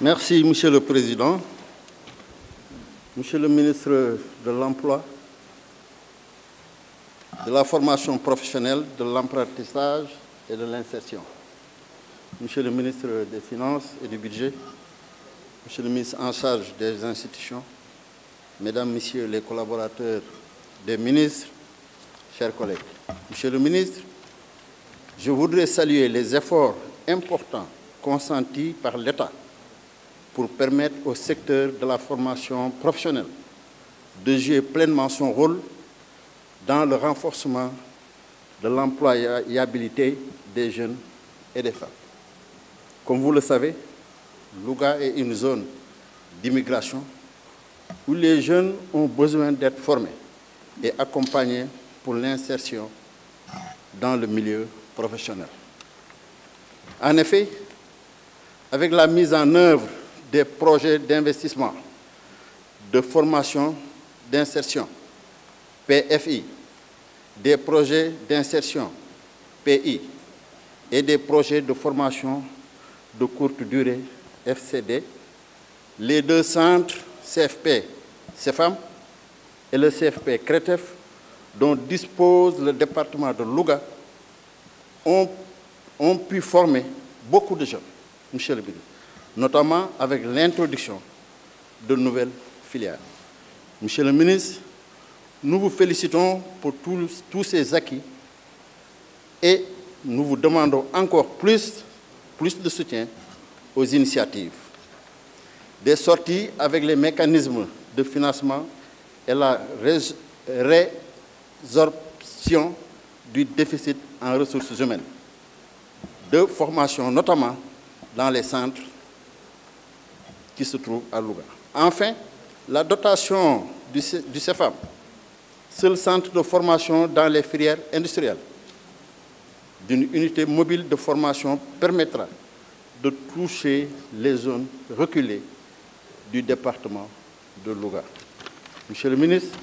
Merci, Monsieur le Président. Monsieur le ministre de l'Emploi, de la formation professionnelle, de l'apprentissage et de l'insertion. Monsieur le ministre des Finances et du Budget, Monsieur le ministre en charge des institutions, Mesdames, Messieurs les collaborateurs des ministres, chers collègues, Monsieur le ministre, je voudrais saluer les efforts importants consentis par l'État pour permettre au secteur de la formation professionnelle de jouer pleinement son rôle dans le renforcement de l'employabilité des jeunes et des femmes. Comme vous le savez, Louga est une zone d'immigration où les jeunes ont besoin d'être formés et accompagnés pour l'insertion dans le milieu professionnel. En effet, avec la mise en œuvre des projets d'investissement, de formation, d'insertion, PFI, des projets d'insertion, PI, et des projets de formation de courte durée, FCD, les deux centres CFP, CFAM et le CFP CRETEF dont dispose le département de Louga ont, pu former beaucoup de gens, monsieur le ministre, notamment avec l'introduction de nouvelles filières. Monsieur le ministre, nous vous félicitons pour tous, tous ces acquis et nous vous demandons encore plus, plus de soutien aux initiatives. Des sorties avec les mécanismes de financement et la ré absorption du déficit en ressources humaines, de formation notamment dans les centres qui se trouvent à Louga. Enfin, la dotation du CEFAM, seul centre de formation dans les filières industrielles, d'une unité mobile de formation permettra de toucher les zones reculées du département de Louga. Monsieur le ministre,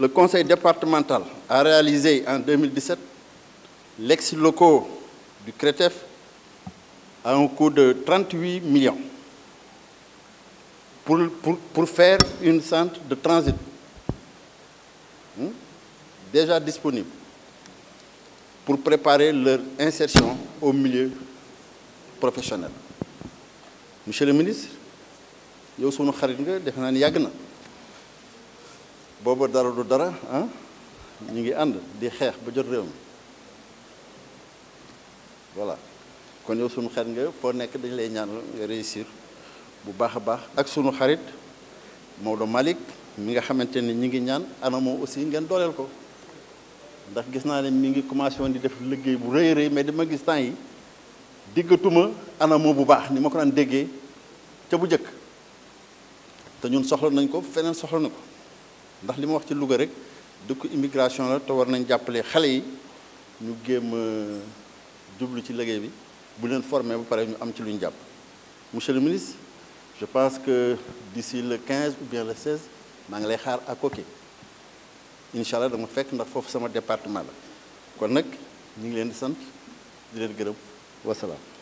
le conseil départemental a réalisé en 2017 l'ex-locaux du CRETEF à un coût de 38 millions pour, faire une centre de transit hein, déjà disponible pour préparer leur insertion au milieu professionnel. Monsieur le ministre, je vous bobo dara du dara ah ñi ngi and di xex bu jot rew voilà kon yow sunu xet nga fo nek dañ lay ñaan nga réussir bu baaxa baax ak sunu xarit mawdo malik mi nga xamanteni ñi ngi ñaan mo aussi ngeen dolel ko ndax gis naa ne mi ngi commencé di def liggéey bu rëy rëy mais dama gis temps yi diggatuma anamo bu baax ni ma ko daan déggee ca bu jëkk te ñun soxla nañ ko feneen soxla na ko ndax li ma wax ci Louga rek dëkku immigration la te war nañ jàppalee xale yi ñu géem jublu ci liggéey bi bu leen formé ba pare ñu am ci lu ñu jàpp monsieur le ministre je pense que d'ici le quinze ou bien le 16 maa ngi lay xaar à Koki incha dama fekk ndax foofu sama département la kon nag ñu ngi leen di sant di leen gërëm wasalaam